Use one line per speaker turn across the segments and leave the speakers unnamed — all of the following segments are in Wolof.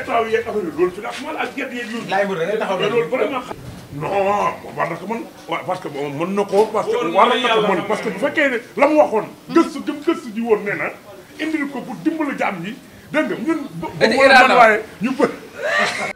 pétrole yeeg affaire yooyu loolu financement ak gerte non war na mën parce que mën na parce que war na parce que bu fekkee ne la mu waxoon. gëstu gëm gëstu ji woon nee na indil ko pour dimbali jaam yi dégg nga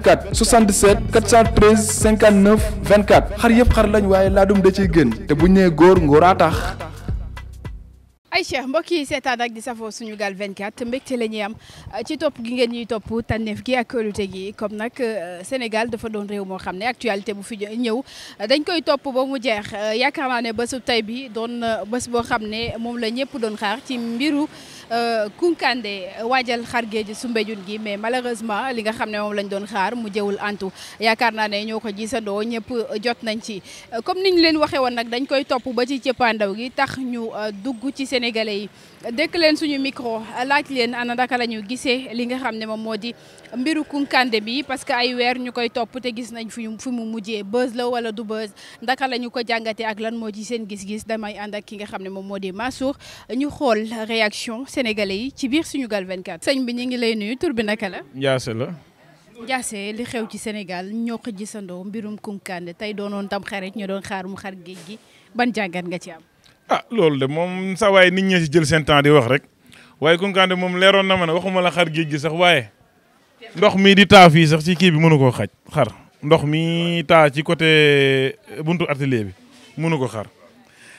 24 77 413 59 24 xar yëpp xar lañ waaye laadum da ciy gën te bu ñu nee góor ngóoraa tax.
ay cheikh mbokk yi seetaan ak di safoo suñu gaal 24 mbégte la ñuy am ci topp gi ngeen ñuy topp tànneef gi ak kóolute gi comme nag euh, Sénégal dafa doon réew moo xam ne actualité bu fi ñëw dañ koy topp ba mu jeex euh, yaakaar naa ne bésu tey bi doon euh, bés boo xam ne moom la ñëpp doon xaar ci mbiru. Euh, Kounkandé waajal xar su Soumbédioune gi mais malheureusement li nga xam ne moom lañ doon xaar mu jëwul antu yaakaar naa ne ñoo ko gisandoo ñëpp euh, jot nañ ci euh, comme ni niñ leen waxee woon nag dañ koy topp ba ci cëppaandaw gi tax ñu dugg ci sénégalais yi dëkk leen suñu micro laaj leen ana naka la ñu gisee li nga xam ne moom moo di mbiru Kunkandé bi parce que ay weer ñu koy topp te gis nañ fi fi mu mujjee buzz la wala du buzz ndaka la ñu ko jàngatee ak lan moo ci seen gis-gis damay ànd ak ki nga xam ne moom moo di Massour ñu xool réaction sénégalais yi ci biir Sunugal 24. sëñ bi ñu ngi lay nuyu tur bi naka la. Ndiasse la. Ndiasse li xew ci Sénégal ñoo ko mbirum Kunkandé tey doonoon tam xarit ñu doon xaar mu xar géej gi ban jàngat nga ci am.
a ah, loolu de moom sax waaye nit ñee si jël seen temps di wax rek waaye Koukandé moom leeroon na ma ne waxuma la xar géej gi sax waaye ndox mi di taa fii sax ci kii bi mënu koo xaj xar ndox mi taa ci côté eh, buntu atelier bi mënu ko xar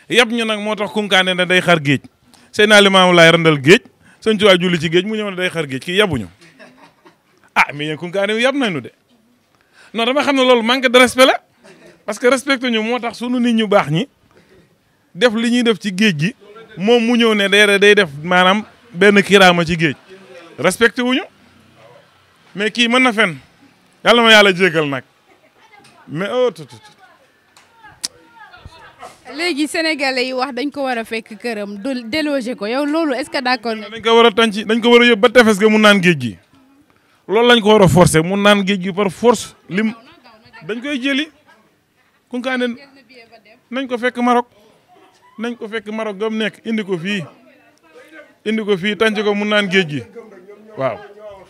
yàpp ñu nag moo tax Koukandé ne day xar géej seen alimaamu laay randal géej sëñ Tuubaa julli ci géej mu ñëw ne day xar géej kii yàbbuñu ah mais yéen Koukandé yàpp nañu de non dama xam na loolu manque de respect la parce que respecté ñu moo tax sunu nit ñu baax ñi def li ñuy def ci géej gi moom mu ñëw ne deere day def maanaam benn kiraama ci géej respecté wuñu mais kii mën na fen yàlla ma yàlla jégal nag mais oh tut
léegi sénégalais yi wax dañ ko war a fekk këram du déloger ko yow loolu est-ce que d'accord dañ
ko war a tànc dañ ko war a yóbbu ba tefes ga mun naan géej gi loolu lañ ko war a forcer mun naan géej gi par force lim dañ koy jëli kunkaane nañ ko fekk Maroc nañ ko fekk Maroc gam nekk indi ko fii indi ko fii tànc ko mu naan géej gi waaw.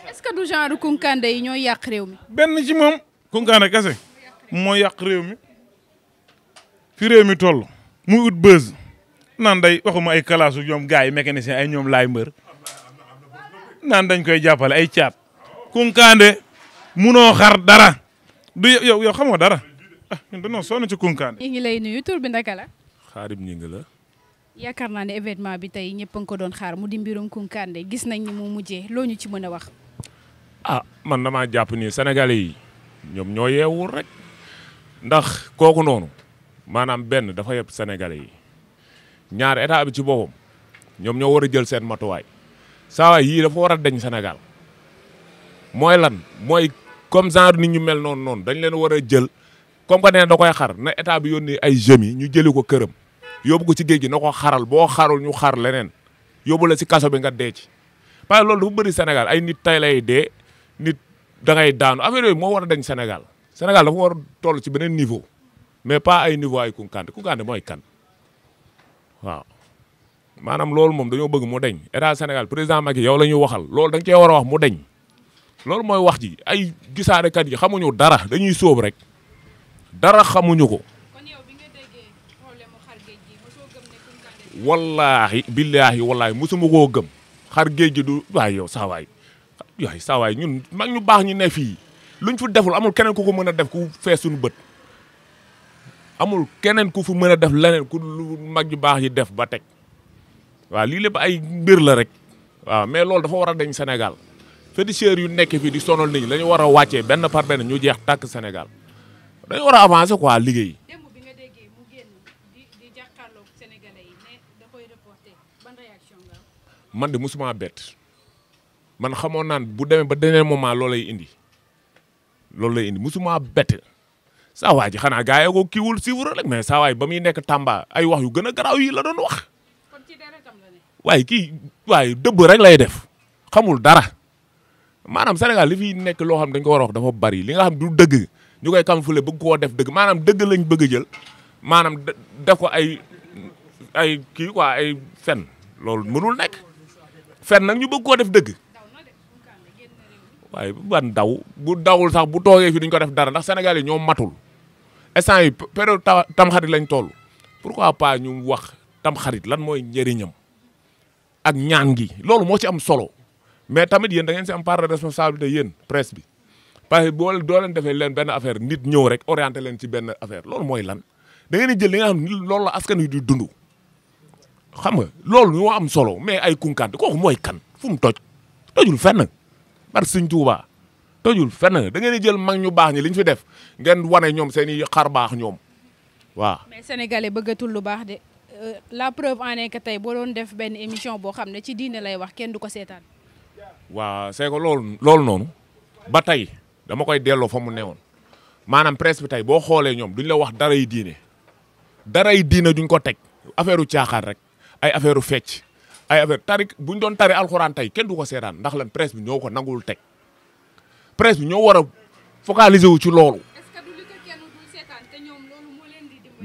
est-ce que du genre yi ñooy yàq réew mi.
benn ci moom kunkande kese moo yàq réew mi fi réew mi toll mu ut bës naan day waxuma ay kalaasu ñoom gars yi mécanicien ay ñoom laay mbër naan dañ koy jàppale ay caat kunkande munoo xar dara du yow yow xamoo dara ah ñun dañoo ci kunkande.
ñu ngi lay nuyu bi naka
xaarim ñi ngi la.
yaakaar naa ne événement bi tey ñëpp a ngi ko doon xaar mu di mbirum Kounkandé gis nañ ni mu mujjee loo ñu ci mën a wax.
ah man na ma jàpp ni sénégalais yi ñoom ñoo yeewul rek ndax kooku noonu maanaam benn dafa yëpp sénégalais yi ñaar état bi ci boppam ñoom ñoo war a jël seen matuwaay saa waay yii dafa war a deñ Sénégal mooy lan mooy comme genre ni ñu mel noon noonu dañ leen war a jël comme que nee da xar na état bi yónni ay jeunes yi ñu jëli ko këram. yóbbu ko ci géej gi na ko xaral boo xarul ñu xar leneen yóbbu la si kaso bi nga dee ci parce que loolu dafa Sénégal ay nit tay lay dee nit dangay ngay daanu affaire yooyu moo war a dañ senegal Sénégal dafa war a toll ci beneen niveau mais pas ay niveau ay Kounkandé Kounkandé mooy kan waaw maanaam loolu moom dañoo bëgg mu deñ état Sénégal président Macky yow la ñuy waxal loolu da nga cee war a wax mu deñ loolu mooy wax ji ay gisaanekat yi xamuñu dara dañuy sóob rek dara xamuñu ko wallaahi billaahi wallaahi mosuma koo gëm xar géej gi du waay yow saawaay waay saawaay ñun mag ñu baax ñu ne fii luñ fu deful amul keneen ku ko mën a def ku fees bët amul keneen ku fu mën a def leneen ku lu mag ñu baax yi def ba teg waaw lii lépp ay mbir la rek waaw mais loolu dafa war a dañ Sénégal féticheurs yu nekk fii di sonal nit ñi la ñu war a wàccee benn par benn ñu jeex tàkk Sénégal dañu war a avancer quoi liggéey man de musuma bett man xamoon naan bu demee ba dernier moment loolu lay indi loolu lay indi musuma bett saa waay ji xanaa gars yi ko kiiwul siiwul rek mais saa waay ba muy nekk Tamba ay wax yu gën a garaaw yi la doon wax waaye kii waaye dëbb rek lay def xamul dara maanaam Sénégal li fi nekk loo xam dañ ko war a wax bari li nga xam du dëgg ñu koy camoufler bëgg koo def dëgg maanaam dëgg lañ bëgg a jël maanaam def ko ay ay kii quoi ay fen loolu mënul nekk. fen nag ñu bëgg koo def dëgg waaye ban daw bu dawul sax bu toogee fi duñ ko def dara ndax Sénégal yi ñoo matul instant yi période tamxarit lañ toll a pas ñu wax tamxarit lan mooy njëriñam ak ñaan gi loolu moo ci am solo mais tamit yéen da ngeen si am part de responsabilité yéen presse bi parce que boo doo leen defee leen benn affaire nit ñëw rek orienté leen ci benn affaire lool mooy lan da ngeen di jël li am xam loolu la askan wi di dund. xam nga loolu moo am solo mais ay kunkante kooku mooy kan fu mu toj tojul fenn bar sëñ Tuubaa tojul fenn da ngeen di jël mag ñu baax ñi li ñu fi def ngeen wane ñoom seen i xar baax ñoom waaw.
mais sénégalais bëggatul lu baax de euh, la preuve en est que tey boo doon def benn émission boo xam ne ci diine lay wax kenn du ko seetaan.
waa c'est ko loolu loolu noonu ba tey dama koy delloo fa mu woon maanaam presse bi tey boo xoolee ñoom duñ la wax dara diine daray diine duñ ko teg affaire u caaxaan rek. ay affaire u fecc ay affaire tari buñ doon tari alxuraan tey kenn du ko seetaan ndax lan presse bi ñoo ko nanguwul teg presse bi ñoo war a focaliser wu ci loolu.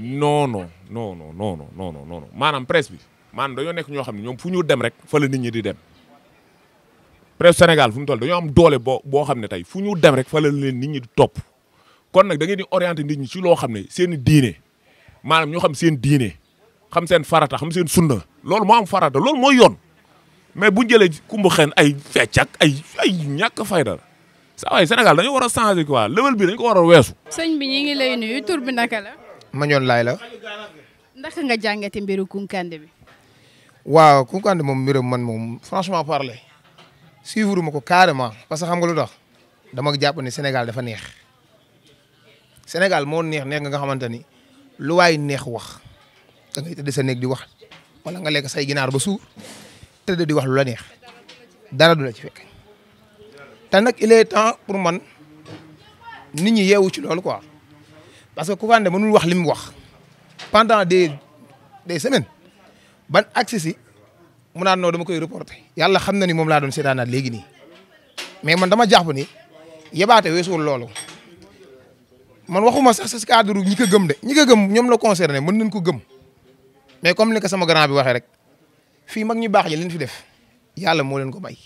noo non noo noo non non non non maanaam presse bi maanaam dañoo nekk ñoo xam ne ñoom fu ñu dem rek fa la nit ñi di dem presse Sénégal fu ñu toll dañoo am doole boo boo xam ne tey fu ñu dem rek fa la leen nit ñi di topp kon nag da ngeen di orienter nit ñi ci loo xam ne seen diine maanaam ñoo xam seen diine xam seen farata xam seen sunna loolu moo am farata loolu mooy yoon mais bu ñu jëlee kumba ay fecc ay ay ñàkk fayda la saa waay Sénégal war a changer quoi level bi dañ ko war a weesu.
sëñ bi ñi ngi lay nuyu la.
Mañoon laay la.
naka nga jàngate mbiru Kounkandé bi.
waaw Kounkandé moom mbiram man moom franchement parler suivre ma ko carrément parce que xam nga lu tax jàpp ne Sénégal dafa neex Sénégal moo neex neex nga nga xamante ni lu waay neex wax. da ngay tëdd sa néeg di wax wala nga lekk say ginaar ba suur tëdd di wax lu la neex dara du la ci fekk te nag il temps pour man nit ñi yeewu ci loolu ko parce que Koukandé mënul wax li mu wax pendant des semaine ban agsi si mu naan noo koy reporté yàlla xam na ni moom laa doon seetaanaat léegi nii mais man dama jàpp ni yebaate weesuwul loolu man waxuma sax si cadre ñi ko gëm de ñi ko gëm ñoom la concerné mën nañ ko gëm mais comme ni ko sama grand bi waxee rek fii mag ñu baax ñi leen fi def yàlla moo leen ko may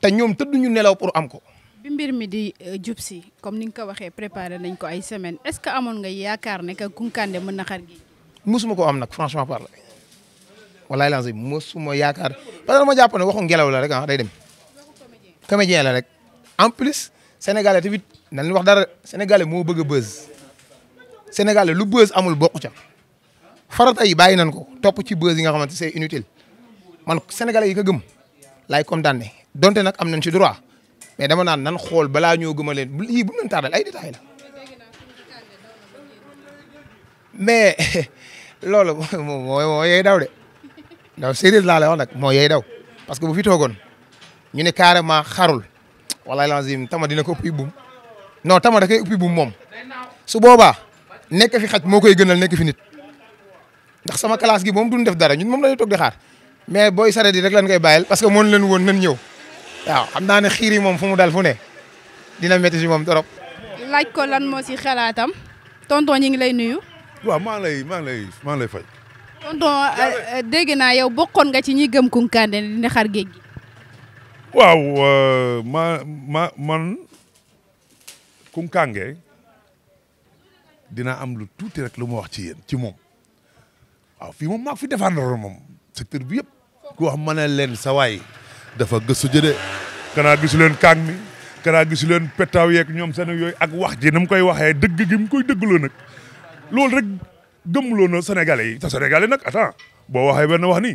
te ñoom tëdduñu nelaw pour am ko.
bi mbir mi di euh, jub si comme ni nga ko waxee préparé nañ ko ay semaine est-ce que amoon nga yaakaar ne que Kounkandé mën na xar gi.
mosuma ko am nag franchement parlé walaay lancé mosuma yaakaar parce que ma jàpp ne waxu ngelaw la rek ah day dem. comédien la rek en plus sénégalais tamit nañ wax dara sénégalais moo bëgg a buzz sénégalais lu buzz amul bokku ca. farata yi bàyyi nañ ko topp ci buzz yi nga xamante c'est inutile man sénégalais yi ko gëm laay condamné donte nag am nañ ci droit mais dama naan nan xool balaa ñoo gëma leen bu yii bu ñu tardal ay détails la mais loolu moom moo moo yey daw de daw sérieux laa lay moo yey daw parce que bu fi toogoon ñu ne carrément xarul wallaahi lazim tama dina ko uppi buum non tama da koy uppi buum moom su boobaa nekk fi xaj moo koy gënal nekk fi nit ndax sama classe gi moom duñ def dara ñun moom la ñuy toog di xaar mais booy saret yi rek lan koy bàyyil parce que moon leen woon nañ ñëw waaw xam naa ne xiir yi moom fu mu dal fu ne dina métti si moom trop.
laaj ko lan moo si xalaatam tonton ñi ngi lay nuyu.
waaw maa ngi lay maa ngi lay maa ngi lay fay.
tonton euh, euh, dégg naa yow bokkoon nga ci ñi gëm Kounkandé dina xar géej gi.
waaw euh, ma ma man Kounkandé dina am lu tuuti rek lu ma wax ci yéen ci moom. waaw fii moom maa fi défendre moom secteur bi yëpp ku wax ma leen sawaay dafa dafa gëstu jëde kanaa gisu leen kaang mi kanaa gisu leen pettaaw yeeg ñoom seen yooyu ak wax ji na mu koy waxee dëgg gi mu koy dëggloo nag loolu rek gëmloo na sénégalais yi te sénégalais nag attends boo waxee benn wax ni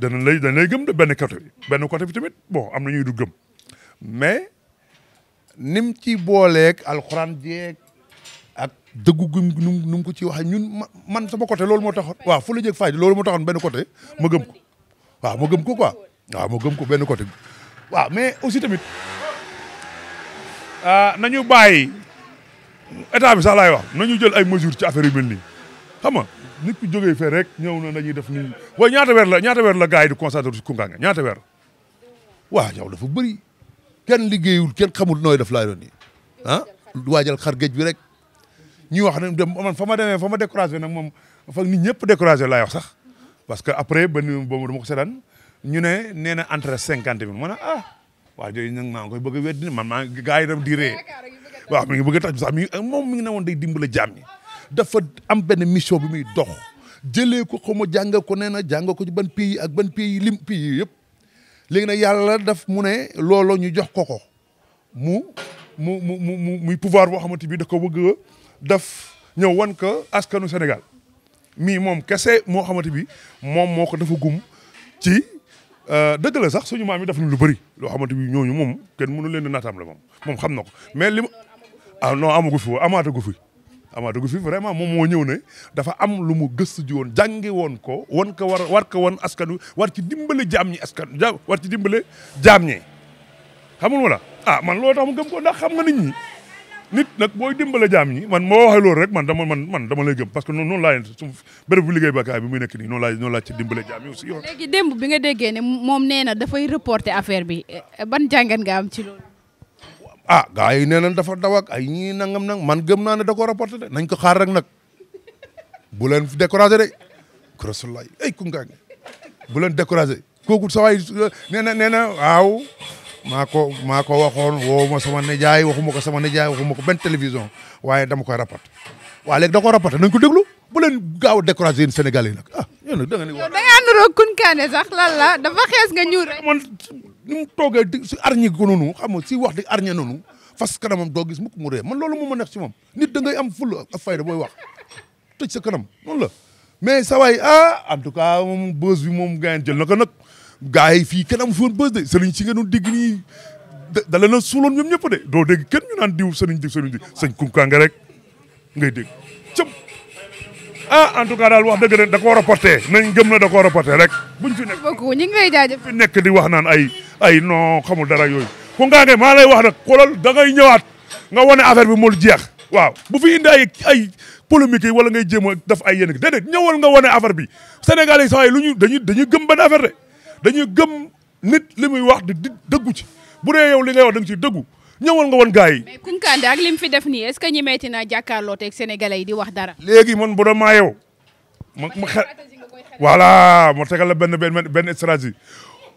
dana lay danañ lay gëm benn côté benn côté bi tamit boo am na ñuy du gëm mais nim ci booleeg alxuraan jeeg dëggu gum nu nu ko ci waxee ñun man sama côté loolu moo taxoon waaw fu la jëg fay loolu moo taxoon benn côté ma gëm ko waaw ma gëm ko quoi waaw ma gëm ko benn côté waaw mais aussi tamit ah, nañu bàyyi état bi sax laay wax nañu jël ay mesures ci affaire yu mel nii xam nga nit ku jógee fee rek ñëw na dañuy def nii waaw ñaata weer la ñaata weer la gars yi di constaté si Koungheul ñaata weer waaw yow dafa bëri kenn liggéeyul kenn xamul nooy def laay doon nii ah waajal xar géej bi rek ñuy wax ne man fa ma demee fa ma découragé nag moom fa nit ñëpp découragé laay wax sax parce que après ba ni boobu dama ko seetaan ñu ne nee na entre cinquante mille ma ne ah waa jooju nag maa ngi koy bëgg a weddi man maa ngi gars yi dem di ree waaw mi ngi bëgg a tax sax mi moom mi ngi ne woon day dimbale jaam ñi dafa am benn mission bi muy dox jëlee ko xaw ma jàng ko nee na jàng ko ci ban pays ak ban pays lim pays yëpp léegi nag yàlla daf mu ne looloo ñu jox ko ko mu mu mu mu muy pouvoir boo xamante bi da ko bëgg daf ñëw wan ko askanu Sénégal mii moom kese moo xamante bi moom moo ko dafa gum ci euh, dëgg la sax suñu maam yi daf ñu lu bari loo xamante bi ñooñu moom kenn mënu leen di naataam la moom moom xam na ko mais li ah non amagu fi amaatagu fi amaatagu fi vraiment moom moo ñëw ne dafa am lu mu gëstu ji woon jàngi woon ko wan ko war war ko wan askanu war ci dimbale jaam ñi askan war ci dimbale jaam ñi xamul wala ah man loo tax mu gëm ko ndax xam nga nit ñi nit nag booy dimbale jaam ñi man moo waxee loolu rek man dama man man dama lay gëm parce que noonu noonu laa leen su liggéey bakkaay bi muy nekk nii noonu laa noonu laa ci dimbale jaam ñi aussi. léegi
démb bi nga déggee ne moom nee na dafay reporter affaire bi eh, ban jàngat nga ci loolu.
ah gars nee nañ dafa daw ak ay ñii nangam nang man gëm naa ne da ko reporter de nañ ko xaar rek nag bu leen découragé de rasulullah ay kungaan bu leen découragé kooku sa waay nee na nee na aw maa ko maa waxoon ma sama nijaay waxuma ko sama nijaay waxuma ko benn télévision waaye dama koy rapporté waaw léegi da ko rapporté nañ ko déglu bu leen gaaw a découragé yéen Sénégalais yi nag ah yéen nag
da sax lan dafa xees nga ñuul rek man
mu toogee di si arñi ko noonu xam si wax di arñe noonu fas kanamam doo gis mukk mu ree man loolu moo ma neex si moom nit da ngay am fulla ak fayda booy wax tëj sa kanam noonu la mais sa waay ah en tout cas moom bi moom gayen jël na ko gars yi fii kenn am fi woon bës de sëriñ si nga doon dégg nii da la na suuloon ñoom ñëpp de doo dégg kenn ñu naan diw sëriñ diw sëriñ diw sëñ kunkaa nga rek ngay dégg cëp ah, en tout cas daal wax dëgg de da ko reporté nañ gëm na da ko reporté rek
buñ fi nekk beaucoup ñu
di wax naan ay ay non xamul dara yooyu kunkaa nga maa lay wax nag xoolal da ngay ñëwaat nga wane affaire bi mul jeex waaw bu fi indi ay ay polémique wala ngay jéem a def ay yéen déedéet ñëwal nga wane affaire bi Sénégalais yi saa lu ñu dañuy dañuy gëm benn affaire de dañuy gëm nit li muy wax di dëggu ci bu dee yow li ngay wax da nga dëggu ñëwal nga woon gars yi. mais
Kounkandé ak li mu fi def nii est ce que ñu metti naa jàkkaarloo teg sénégalais yi di wax dara.
léegi man bu doon maa yow. ma xel voilà moo tegal la benn benn benn stratégie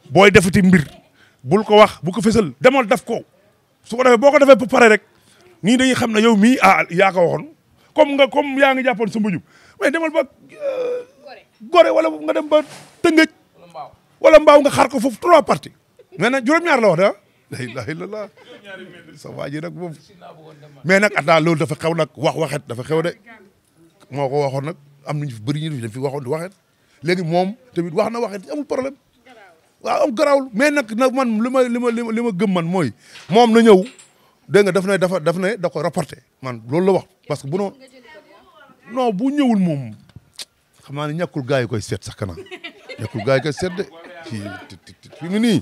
booy defati mbir bul ko wax bu ko fësal demal def ko su ko defee boo ko defee ba pare rek nii dañuy xam ne yow mii ah yaa ko waxoon comme nga comme yaa ngi jàppoon sa mbujum mais demal ba euh, gore wala nga dem ba tëngëj. wala mbaaw nga xaar ko foofu trois parties mais nag juróom-ñaar la wax da ah. la ilaha illallah waa ji nag boobu mais nag ataa loolu dafa xew nag wax waxet dafa xew de moo ko waxoon nag am nañu fi bëri ñu dañ fi waxoon di waxet léegi moom tamit wax na waxet amul problème waaw am garaawul mais nag nag man li ma li ma li ma gëm man mooy moom na ñëw dégg nga daf ne dafa daf ne da ko rapporté man loolu la wax parce que bu noonu non bu ñëwul moom xam naa ne ñàkkul gars yi koy set sax kanam ñàkkul koy seet de fi mu nii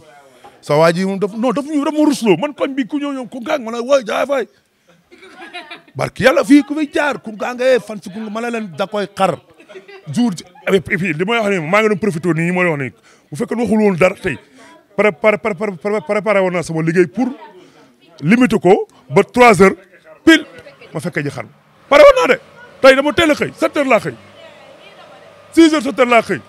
sa waa ji moom daf non daf ñu daf ma rusloo man koñ bi ku ñëw ñoom ma ne wooy jaay fay barki yàlla fii ku fi jaar ku gaanga fan si ku ma la leen da koy xar jour ma puis eh, li may wax nii maa ngi doon profité nii ñu ma wax nii bu fekkee waxul woon dara tey préparé préparé sama liggéey pour limiter ko ba trois heures pile ma fekkee ji xar pare woon de tey dama teel a xëy sept heures laa xëy six heures sept heures laa xëy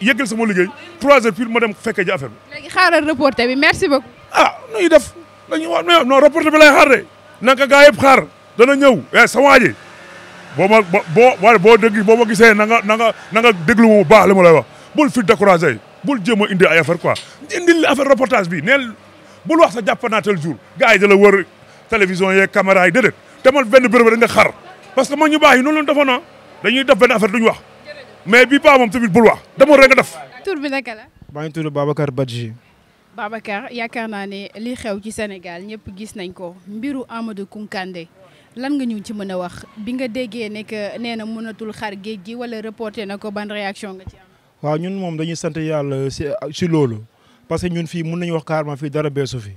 yëggal sama liggéey 3 heures pile ma dem fekkee ji affaire bi.
léegi xaaral reporté bi merci beaucoup.
ah nu ñuy def dañuy wax non reporté bi lay xaar de naka gaa yëpp xaar dana ñëw eh sa waa ji boo ma boo waaye boo dégg boo ma gisee na nga na nga na nga déglu mu baax li ma lay wax bul fi découragé bul jéem a indi ay affaire quoi indil affaire reportage bi neel bul wax sa jàppanaatel jour gars yi da la wër télévision yeeg caméra yi déedéet te man benn bërëb rek nga xar parce que man ñu baax yi noonu la ñu defoon ah. dañuy def benn affaire duñu wax. mais bii paa moom tamit bul wax dama
rek nga def. tur bi naka la.
maa ngi tudd Babacar Badji.
Babacar yaakaar naa ne li xew ci Sénégal ñëpp gis nañ ko mbiru Amadou Koukandé lan nga ñu ci mën a wax bi nga déggee ne que nee na mënatul xar géej gi wala reporté na ko ban réaction nga ci am.
waaw ñun moom dañuy sant yàlla si si loolu parce que ñun fii mun nañu wax carrément fii dara beesu fi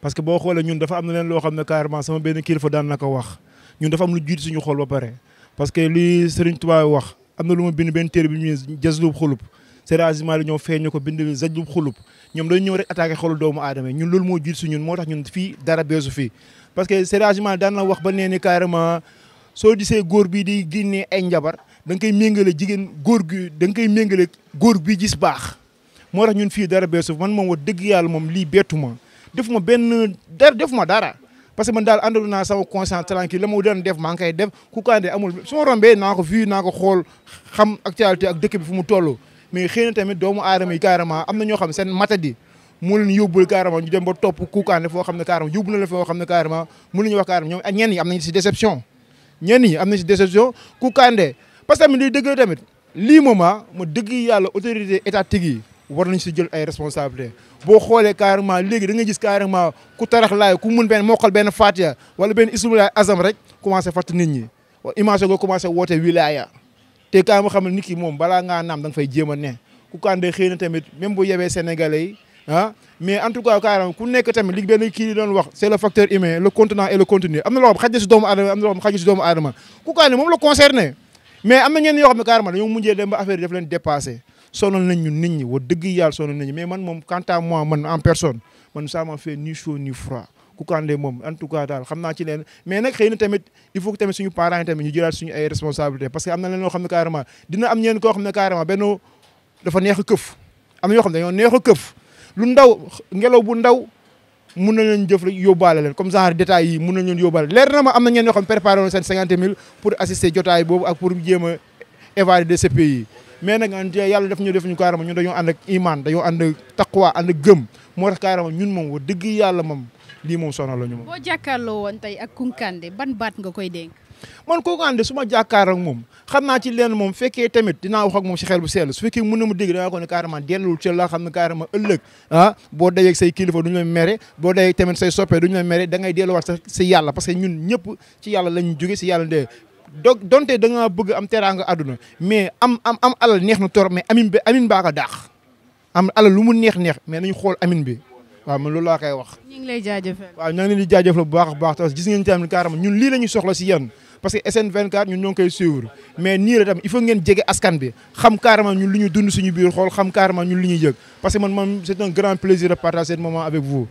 parce que boo xoolee ñun dafa am na leen loo xam ne carrément sama benn kilifa daan na ko wax ñun dafa am lu jiitu suñu xol ba pare parce que li Serigne Touba wax. am na lu ma bind benn téere bi ñu jazlub xulub séragiment li ñoo feeñu ko bind bi zajlub xulub ñoom dañ ñëw rek attaqué xolu doomu aadama ñun loolu moo jiit su ñun moo tax ñun fii dara beesu fii parce que séragiment daan na wax ba nee ni carrément soo gisee góor bii di génnee ay njabar da nga koy méngale jigéen góor gi da nga koy méngale góor bi gis baax moo tax ñun fii dara beesu man moom wax dëgg yàlla moom lii bettu ma def ma benn dara def ma dara parce que man daal àndalu naa sama conscience tranquille la ma doon def maa ngi def ku kaande amul su rombee naa ko vu naa ko xool xam actualité ak dëkk bi fu mu toll mais xëy na tamit doomu aadama yi carrément am na ñoo xam seen matadi mu leen yóbbul carrément ñu dem ba topp kuukaande foo xam ne carrément yóbbu na la foo xam ne carrément mun nañu wax carrément ñoom ak ñenn ñi am nañu si déception ñenn am nañu si déception kuukaande parce que tamit liy dëgg la tamit lii moment ma dëgg yàlla autorité étatique yi war nañ si jël ay responsabilité boo xoolee carrément léegi da nga gis carrément ku tarax laay ku mun benn mokkal benn Fatiha wala benn isbulaay azam rek commencé fàtt nit ñi image go woote wilaya ki moom balaa ngaa naam da nga a ne ku kande na tamit même bu yebee sénégalais yi ah mais en tout cas carrément ku nekk tamit li benn moom la concerné mais am na ñenn yoo xam ne mujjee dem affaire yi leen dépassé sonal nañ ñu nit ñi wa dëgg yàlla sonal nañ ñu mais man moom quant à moi man en personne man ça fait ni chaud ni froid Kounkandé moom en tout cas daal xam naa ci leen mais nag xëy na tamit il faut que tamit suñu parents yi tamit ñu jëlaat suñu ay na leen dina am ñeen koo xam ne carrément benn dafa neex a këf am na yoo xam ne dañoo neex këf lu ndaw ngelaw bu ndaw mun na leen jëf yóbbaale leen comme genre détails mun na leen yóbbaale leer na ma am na ñeen yoo xam ne cinquante mille pour assister jotaay boobu évadé de ce pays mais nag yàlla def ñu def ñu carrément ñun dañoo ànd ak iman dañoo ànd ak taqwa ànd gëm moo tax carrément ñun moom wax dëgg yàlla moom lii moom sonal la ñu moom.
boo jàkkaarloo woon tey ak Kunkandé ban baat nga koy dénk.
man Kunkandé su ma jàkkaar moom xam naa ci lenn moom fekkee tamit dinaa wax si xel bu sell su fekkee mën na mu dégg dangaa ko ne carrément dellul ci la xam ne carrément ëllëg ah boo dajee ak say kilifa duñu la mere boo dajee tamit say soppe duñu la mere da ngay delluwaat sa si yàlla parce que ñun ñëpp ci yàlla lañu jóge si yàlla dee donc donte da ngaa bëgg am teraanga àdduna mais am am am alal neex na tor mais amin bi amin baa ko daax am alal lu mu neex neex mais nañu xool amin bi waaw man loolu laa koy wax. ñu ngi lay jaajëfal. a baax te gis ngeen tamit carrément ñun lii la ñu soxla si yéen parce que SN24 ñun ñoo ngi ñu dund suñu biir xool xam carrément ñun li ñuy yëg parce que man man c'est un grand plaisir bu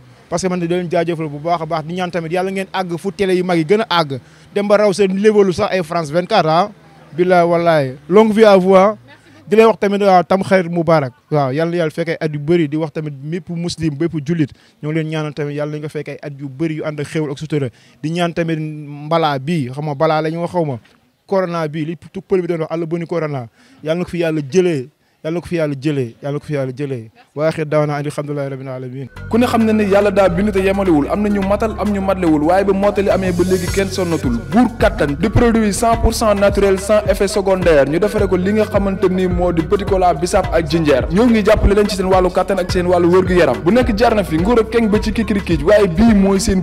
baax a baax di ñaan tamit yàlla ngeen àgg fu télé yu mag yi gën a àgg dem ba raw seen niveau sax ay France 24 ah. billaay wallaay longue vie à vous ah. di lay wax tamit waaw ah, tam xarit mubarak waaw yàlla na yàlla fekk ay at yu bëri di wax tamit mépp muslim bépp jullit ñoo leen ñaana tamit yàlla nañ ko fekke ay at yu bëri yu ànd a xéwal ak sutura di ñaan tamit mbalaa bii xam nga balaa la ñu wax xaw ma corona bii li tout pël bi doon wax àll ba ni corona na ko fi yàlla jëlee yàlla ko fi yàlla jëlee yàlla ko fi yàlla jëlee alamin
ku ne xam ne ne yàlla daa bindu te yemalewul am na ñu matal am ñu matlewul waaye ba mottali amee ba léegi kenn sonnatul buur kattan di produit naturel sans effet secondaire ñu defare ko li nga xamante ni moo di petit bisaab ak jinjeer ñoo ngi jàppale leen ci seen wàllu kattan ak seen wàllu wërgu-yaram bu nekk jarna fi nguur keng ba ci kikirikiij waaye bii mooy seen